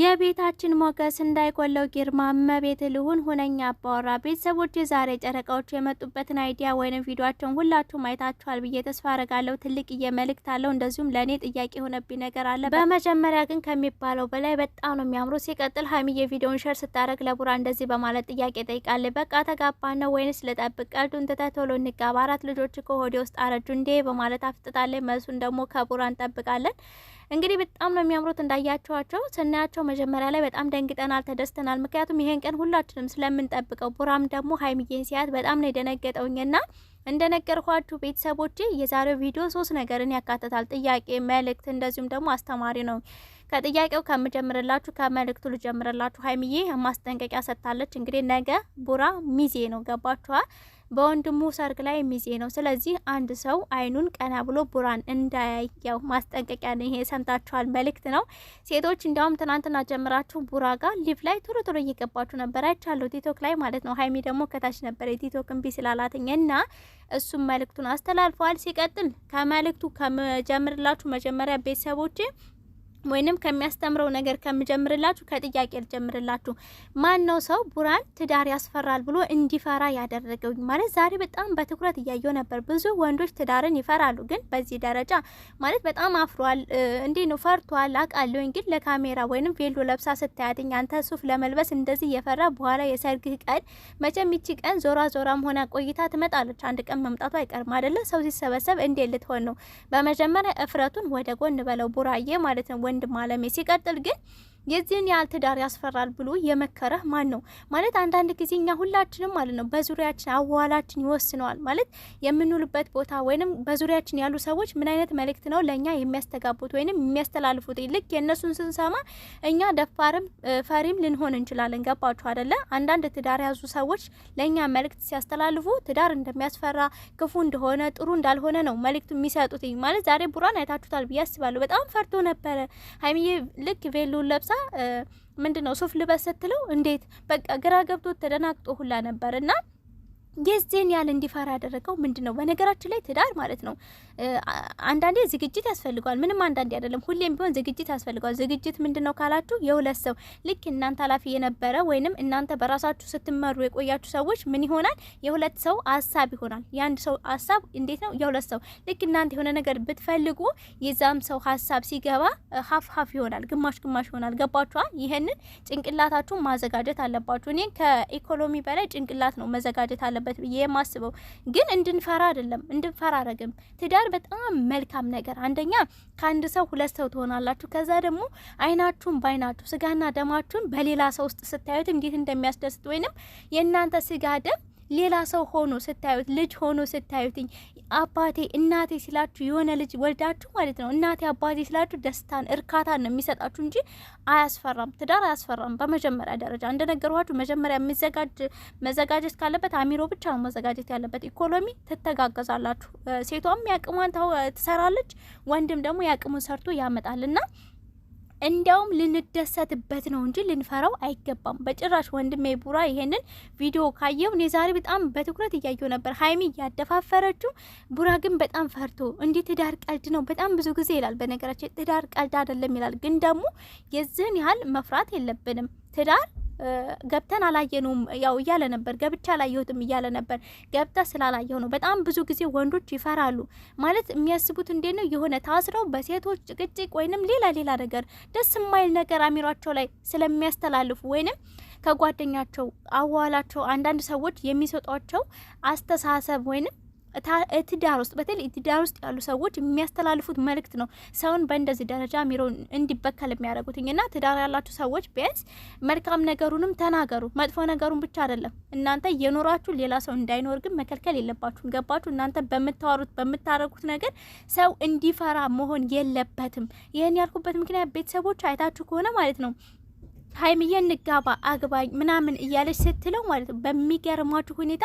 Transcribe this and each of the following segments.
የቤታችን ሞገስ እንዳይጎለው ግርማ መቤት ልሁን ሁነኛ አባወራ። ቤተሰቦች የዛሬ ጨረቃዎቹ የመጡበትን አይዲያ ወይም ቪዲዮቸውን ሁላችሁ ማየታችኋል ብዬ ተስፋ አረጋለሁ። ትልቅ መልእክት አለው። እንደዚሁም ለእኔ ጥያቄ የሆነብኝ ነገር አለ። በመጀመሪያ ግን ከሚባለው በላይ በጣም ነው የሚያምሩ። ሲቀጥል ሀይሚዬ ቪዲዮን ሸር ስታደረግ ለቡራ እንደዚህ በማለት ጥያቄ ጠይቃለ። በቃ ተጋባ ነው ወይንስ ልጠብቅ? ቀልዱን ትተህ ቶሎ እንጋባ። አራት ልጆች እኮ ሆዴ ውስጥ አረጁ እንዴ በማለት አፍጥጣለ። መልሱን ደግሞ ከቡራ እንጠብቃለን። እንግዲህ በጣም ነው የሚያምሩት እንዳያቸዋቸው ስናያቸው ስላቸው መጀመሪያ ላይ በጣም ደንግጠናል፣ ተደስተናል። ምክንያቱም ይሄን ቀን ሁላችንም ስለምንጠብቀው፣ ቡራም ደግሞ ሀይሚዬን ሲያት በጣም ነው የደነገጠውኝና እንደነገርኳችሁ ቤተሰቦቼ የዛሬው ቪዲዮ ሶስት ነገርን ያካትታል። ጥያቄ፣ መልእክት እንደዚሁም ደግሞ አስተማሪ ነው። ከጥያቄው ከምጀምርላችሁ ከመልእክቱ ልጀምርላችሁ። ሀይሚዬ ማስጠንቀቂያ ሰጥታለች። እንግዲህ ነገ ቡራ ሚዜ ነው፣ ገባችኋል? በወንድሙ ሰርግ ላይ ሚዜ ነው። ስለዚህ አንድ ሰው አይኑን ቀና ብሎ ቡራን እንዳያየው ማስጠንቀቂያ ነው። ይሄ ሰምታችኋል፣ መልእክት ነው። ሴቶች እንዲያውም ትናንትና ጀምራችሁ ቡራ ጋር ሊቭ ላይ ቶሎ ቶሎ እየገባችሁ ነበር፣ አይቻለሁ፣ ቲክቶክ ላይ ማለት ነው። ሀይሚ ደግሞ ከታች ነበር የቲክቶክ እምቢ ስላላትኝ እና እሱም መልእክቱን አስተላልፈዋል። ሲቀጥል ከመልእክቱ ከመጀምርላችሁ መጀመሪያ ቤተሰቦቼ ወይንም ከሚያስተምረው ነገር ከምጀምርላችሁ ከጥያቄ ልጀምርላችሁ። ማን ነው ሰው ቡራን ትዳር ያስፈራል ብሎ እንዲፈራ ያደረገው? ማለት ዛሬ በጣም በትኩረት እያየው ነበር። ብዙ ወንዶች ትዳርን ይፈራሉ፣ ግን በዚህ ደረጃ ማለት በጣም አፍሯል። እንዴ ነው ፈርቷል፣ አውቃለሁኝ። ግን ለካሜራ ወይንም ቬሎ ለብሳ ስታያትኝ አንተ ሱፍ ለመልበስ እንደዚህ የፈራ በኋላ የሰርግህ ቀን መቼም ይቺ ቀን ዞራ ዞራም ሆና ቆይታ ትመጣለች። አንድ ቀን መምጣቱ አይቀርም አደለ? ሰው ሲሰበሰብ እንዴ ልትሆን ነው? በመጀመሪያ እፍረቱን ወደ ጎን በለው ቡራዬ ማለት ነው ወንድም አለሜ። ሲቀጥል ግን የዚህን ያህል ትዳር ያስፈራል ብሎ የመከረህ ማን ነው? ማለት አንዳንድ ጊዜ እኛ ሁላችንም ማለት ነው በዙሪያችን አዋላችን ይወስነዋል። ማለት የምንውልበት ቦታ ወይንም በዙሪያችን ያሉ ሰዎች ምን አይነት መልእክት ነው ለእኛ የሚያስተጋቡት ወይንም የሚያስተላልፉት? ልክ የእነሱን ስንሰማ እኛ ደፋርም ፈሪም ልንሆን እንችላለን። ገባችሁ አደለ? አንዳንድ ትዳር ያዙ ሰዎች ለእኛ መልእክት ሲያስተላልፉ ትዳር እንደሚያስፈራ ክፉ እንደሆነ ጥሩ እንዳልሆነ ነው መልእክቱ የሚሰጡት። ማለት ዛሬ ቡራን አይታችሁታል ብዬ አስባለሁ። በጣም ፈርቶ ነበረ ሀይሚዬ ልክ ቬሎ ለብሳ ምንድን ነው ሱፍ ልበስ ስትለው እንዴት በቃ ግራ ገብቶ ተደናግጦ ሁላ ነበር እና የዚህን ያህል እንዲፈራ ያደረገው ምንድን ነው? በነገራችን ላይ ትዳር ማለት ነው አንዳንዴ ዝግጅት ያስፈልገዋል። ምንም አንዳንዴ አይደለም፣ ሁሌም ቢሆን ዝግጅት ያስፈልገዋል። ዝግጅት ምንድን ነው ካላችሁ የሁለት ሰው ልክ እናንተ ኃላፊ የነበረ ወይንም እናንተ በራሳችሁ ስትመሩ የቆያችሁ ሰዎች ምን ይሆናል? የሁለት ሰው ሀሳብ ይሆናል። የአንድ ሰው ሀሳብ እንዴት ነው? የሁለት ሰው ልክ እናንተ የሆነ ነገር ብትፈልጉ የዛም ሰው ሀሳብ ሲገባ ሀፍ ሀፍ ይሆናል፣ ግማሽ ግማሽ ይሆናል። ገባችኋል? ይህንን ጭንቅላታችሁን ማዘጋጀት አለባችሁ። እኔ ከኢኮኖሚ በላይ ጭንቅላት ነው መዘጋጀት አለ አለበት ብዬ የማስበው ግን እንድንፈራ አይደለም፣ እንድንፈራ አረግም። ትዳር በጣም መልካም ነገር፣ አንደኛ ከአንድ ሰው ሁለት ሰው ትሆናላችሁ። ከዛ ደግሞ አይናችሁን በአይናችሁ ስጋና ደማችሁን በሌላ ሰው ውስጥ ስታዩት እንዴት እንደሚያስደስት ወይንም የእናንተ ስጋ ደም ሌላ ሰው ሆኖ ስታዩት፣ ልጅ ሆኖ ስታዩትኝ አባቴ እናቴ ሲላችሁ የሆነ ልጅ ወልዳችሁ ማለት ነው እናቴ አባቴ ሲላችሁ ደስታን እርካታን ነው የሚሰጣችሁ እንጂ አያስፈራም። ትዳር አያስፈራም። በመጀመሪያ ደረጃ እንደነገርኋችሁ መጀመሪያ የሚዘጋጅ መዘጋጀት ካለበት አሚሮ ብቻ ነው መዘጋጀት ያለበት። ኢኮኖሚ ትተጋገዛላችሁ። ሴቷም ያቅሟን ትሰራለች፣ ወንድም ደግሞ ያቅሙን ሰርቶ ያመጣልና እንዲያውም ልንደሰትበት ነው እንጂ ልንፈራው አይገባም በጭራሽ። ወንድሜ ቡራ ይሄንን ቪዲዮ ካየው እኔ ዛሬ በጣም በትኩረት እያየው ነበር። ሀይሚ እያደፋፈረችው፣ ቡራ ግን በጣም ፈርቶ እንዲህ ትዳር ቀልድ ነው በጣም ብዙ ጊዜ ይላል። በነገራችን ትዳር ቀልድ አይደለም ይላል፣ ግን ደግሞ የዚህን ያህል መፍራት የለብንም ትዳር ገብተን አላየነውም ያው እያለ ነበር። ገብቻ አላየሁትም እያለ ነበር። ገብተ ስላላየሁ ነው። በጣም ብዙ ጊዜ ወንዶች ይፈራሉ ማለት የሚያስቡት እንዴት ነው የሆነ ታስረው በሴቶች ጭቅጭቅ ወይንም ሌላ ሌላ ነገር ደስ የማይል ነገር አሚሯቸው ላይ ስለሚያስተላልፉ ወይንም ከጓደኛቸው አዋላቸው አንዳንድ ሰዎች የሚሰጧቸው አስተሳሰብ ወይንም ትዳር ውስጥ በተለይ ትዳር ውስጥ ያሉ ሰዎች የሚያስተላልፉት መልእክት ነው ሰውን በእንደዚህ ደረጃ ሚሮ እንዲበከል የሚያደርጉትኝና ትዳር ያላችሁ ሰዎች ቢያንስ መልካም ነገሩንም ተናገሩ፣ መጥፎ ነገሩን ብቻ አይደለም። እናንተ የኖራችሁ ሌላ ሰው እንዳይኖር ግን መከልከል የለባችሁም። ገባችሁ? እናንተ በምታወሩት በምታደርጉት ነገር ሰው እንዲፈራ መሆን የለበትም። ይህን ያልኩበት ምክንያት ቤተሰቦች አይታችሁ ከሆነ ማለት ነው ሀይምዬ እንጋባ አግባኝ ምናምን እያለች ስትለው ማለት ነው። በሚገርማችሁ ሁኔታ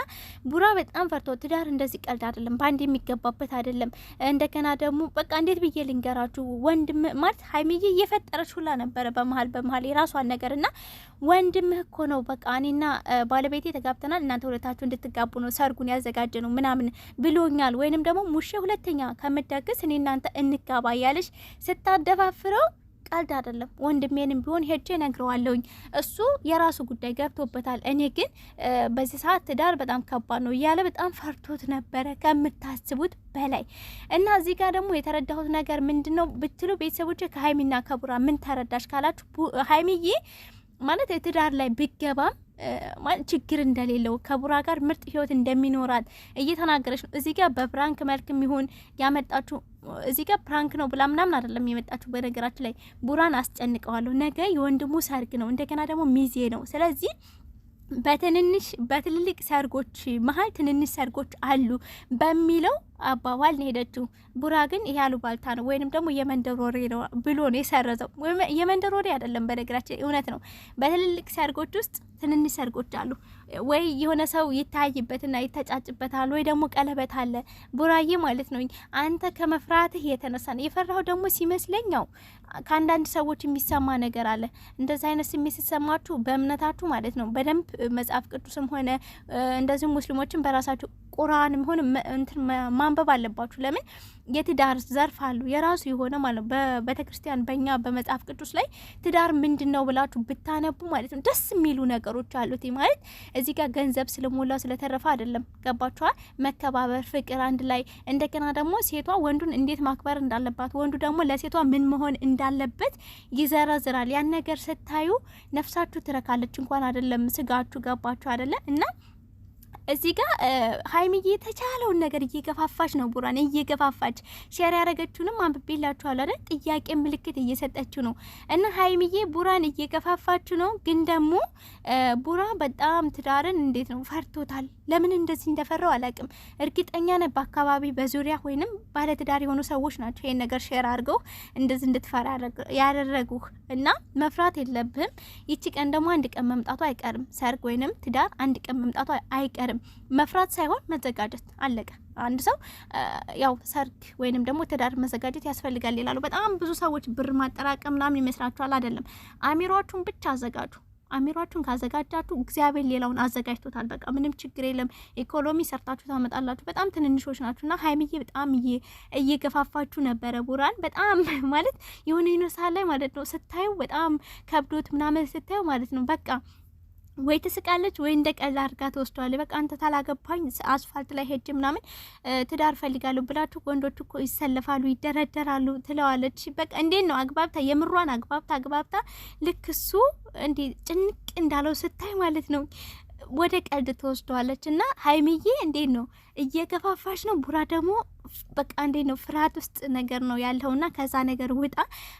ቡራ በጣም ፈርቶ ትዳር እንደዚህ ቀልድ አይደለም፣ በአንድ የሚገባበት አይደለም። እንደገና ደግሞ በቃ እንዴት ብዬ ልንገራችሁ ወንድም ማለት ሀይምዬ እየፈጠረች ሁላ ነበረ በመሀል በመሀል የራሷን ነገር እና ወንድምህ እኮ ነው በቃ እኔና ባለቤቴ ተጋብተናል፣ እናንተ ሁለታችሁ እንድትጋቡ ነው ሰርጉን ያዘጋጀ ነው ምናምን ብሎኛል፣ ወይንም ደግሞ ሙሼ ሁለተኛ ከምደግስ እኔ እናንተ እንጋባ እያለች ስታደፋፍረው ቀልድ አይደለም። ወንድሜንም ቢሆን ሄጄ ነግረዋለሁኝ። እሱ የራሱ ጉዳይ ገብቶበታል። እኔ ግን በዚህ ሰዓት ትዳር በጣም ከባድ ነው እያለ በጣም ፈርቶት ነበረ ከምታስቡት በላይ እና እዚህ ጋር ደግሞ የተረዳሁት ነገር ምንድን ነው ብትሉ ቤተሰቦች ከሀይሚና ከቡራ ምን ተረዳሽ ካላችሁ ሀይሚዬ ማለት የትዳር ላይ ብገባም ችግር እንደሌለው ከቡራ ጋር ምርጥ ህይወት እንደሚኖራት እየተናገረች ነው። እዚህ ጋር በፍራንክ መልክም ይሁን ያመጣችው እዚህ ጋር ፕራንክ ነው ብላ ምናምን አይደለም የመጣችሁ። በነገራችን ላይ ቡራን አስጨንቀዋለሁ። ነገ የወንድሙ ሰርግ ነው፣ እንደገና ደግሞ ሚዜ ነው። ስለዚህ በትንንሽ በትልልቅ ሰርጎች መሀል ትንንሽ ሰርጎች አሉ በሚለው አባባል ነው ሄደችው። ቡራ ግን ይሄ አሉባልታ ነው ወይንም ደግሞ የመንደር ወሬ ነው ብሎ ነው የሰረዘው። የመንደር ወሬ አይደለም፣ በነገራችን እውነት ነው። በትልልቅ ሰርጎች ውስጥ ትንንሽ ሰርጎች አሉ። ወይ የሆነ ሰው ይታይበትና ይተጫጭበታል፣ ወይ ደግሞ ቀለበት አለ። ቡራዬ ማለት ነው አንተ ከመፍራትህ የተነሳ ነው የፈራው። ደግሞ ሲመስለኝ ያው ከአንዳንድ ሰዎች የሚሰማ ነገር አለ። እንደዚህ አይነት ስሜት ስትሰማችሁ በእምነታችሁ ማለት ነው በደንብ መጽሐፍ ቅዱስም ሆነ እንደዚሁም ሙስሊሞችም በራሳችሁ ቁርአንም ሆነ እንትን ማንበብ አለባችሁ። ለምን የትዳር ዘርፍ አሉ የራሱ የሆነ ማለት በቤተክርስቲያን በእኛ በመጽሐፍ ቅዱስ ላይ ትዳር ምንድን ነው ብላችሁ ብታነቡ ማለት ነው ደስ የሚሉ ነገሮች አሉት። ማለት እዚህ ጋር ገንዘብ ስለሞላው ስለተረፈ አይደለም። ገባችኋል? መከባበር፣ ፍቅር፣ አንድ ላይ እንደገና ደግሞ ሴቷ ወንዱን እንዴት ማክበር እንዳለባት፣ ወንዱ ደግሞ ለሴቷ ምን መሆን እንዳለበት ይዘረዝራል። ያን ነገር ስታዩ ነፍሳችሁ ትረካለች እንኳን አይደለም ስጋችሁ። ገባችሁ አይደለም እና እዚህ ጋር ሀይሚዬ የተቻለውን ነገር እየገፋፋች ነው፣ ቡራን እየገፋፋች ሼር ያደረገችውንም አንብቤላችኋል አይደል? ጥያቄ ምልክት እየሰጠችው ነው። እና ሀይሚዬ ቡራን እየገፋፋችሁ ነው፣ ግን ደግሞ ቡራ በጣም ትዳርን እንዴት ነው ፈርቶታል። ለምን እንደዚህ እንደፈራው አላቅም። እርግጠኛ ነ በአካባቢ በዙሪያ ወይንም ባለትዳር የሆኑ ሰዎች ናቸው ይህን ነገር ሼር አድርገው እንደዚህ እንድትፈራ ያደረጉህ። እና መፍራት የለብህም። ይቺ ቀን ደግሞ አንድ ቀን መምጣቱ አይቀርም። ሰርግ ወይንም ትዳር አንድ ቀን መምጣቱ አይቀርም። አይቻልም። መፍራት ሳይሆን መዘጋጀት አለቀ። አንድ ሰው ያው ሰርግ ወይንም ደግሞ ትዳር መዘጋጀት ያስፈልጋል ይላሉ። በጣም ብዙ ሰዎች ብር ማጠራቀም ምናምን ይመስላችኋል። አይደለም። አሚሯችሁን ብቻ አዘጋጁ። አሚሯችሁን ካዘጋጃችሁ እግዚአብሔር ሌላውን አዘጋጅቶታል። በቃ ምንም ችግር የለም። ኢኮኖሚ ሰርታችሁ ታመጣላችሁ። በጣም ትንንሾች ናችሁ እና በጣም እየገፋፋችሁ ነበረ። ቡራን በጣም ማለት የሆነ ይነሳ ላይ ማለት ነው ስታዩ በጣም ከብዶት ምናምን ስታዩ ማለት ነው በቃ ወይ ትስቃለች ወይ እንደ ቀልድ አድርጋ ትወስደዋለች። በቃ አንተ ታላገባኝ አስፋልት ላይ ሄጅ ምናምን ትዳር ፈልጋለሁ ብላችሁ ወንዶች እኮ ይሰለፋሉ፣ ይደረደራሉ ትለዋለች። በቃ እንዴት ነው አግባብታ የምሯን አግባብታ አግባብታ ልክ እሱ እንዲ ጭንቅ እንዳለው ስታይ ማለት ነው ወደ ቀልድ ትወስደዋለች። እና ሀይምዬ እንዴት ነው እየገፋፋሽ ነው? ቡራ ደግሞ በቃ እንዴት ነው ፍርሃት ውስጥ ነገር ነው ያለውና ከዛ ነገር ውጣ።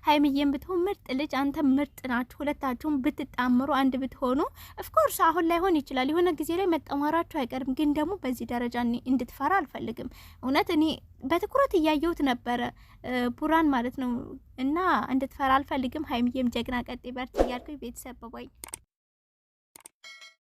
ሀይሚዬም ብትሆን ምርጥ ልጅ፣ አንተ ምርጥ ናችሁ። ሁለታችሁም ብትጣምሩ አንድ ብትሆኑ ኦፍኮርስ አሁን ላይሆን ይችላል፣ የሆነ ጊዜ ላይ መጠማራችሁ አይቀርም። ግን ደግሞ በዚህ ደረጃ እንድትፈራ አልፈልግም። እውነት እኔ በትኩረት እያየሁት ነበረ ቡራን ማለት ነው። እና እንድትፈራ አልፈልግም። ሀይምዬም ጀግና፣ ቀጤ በርት እያልኩኝ ቤተሰብ በባይ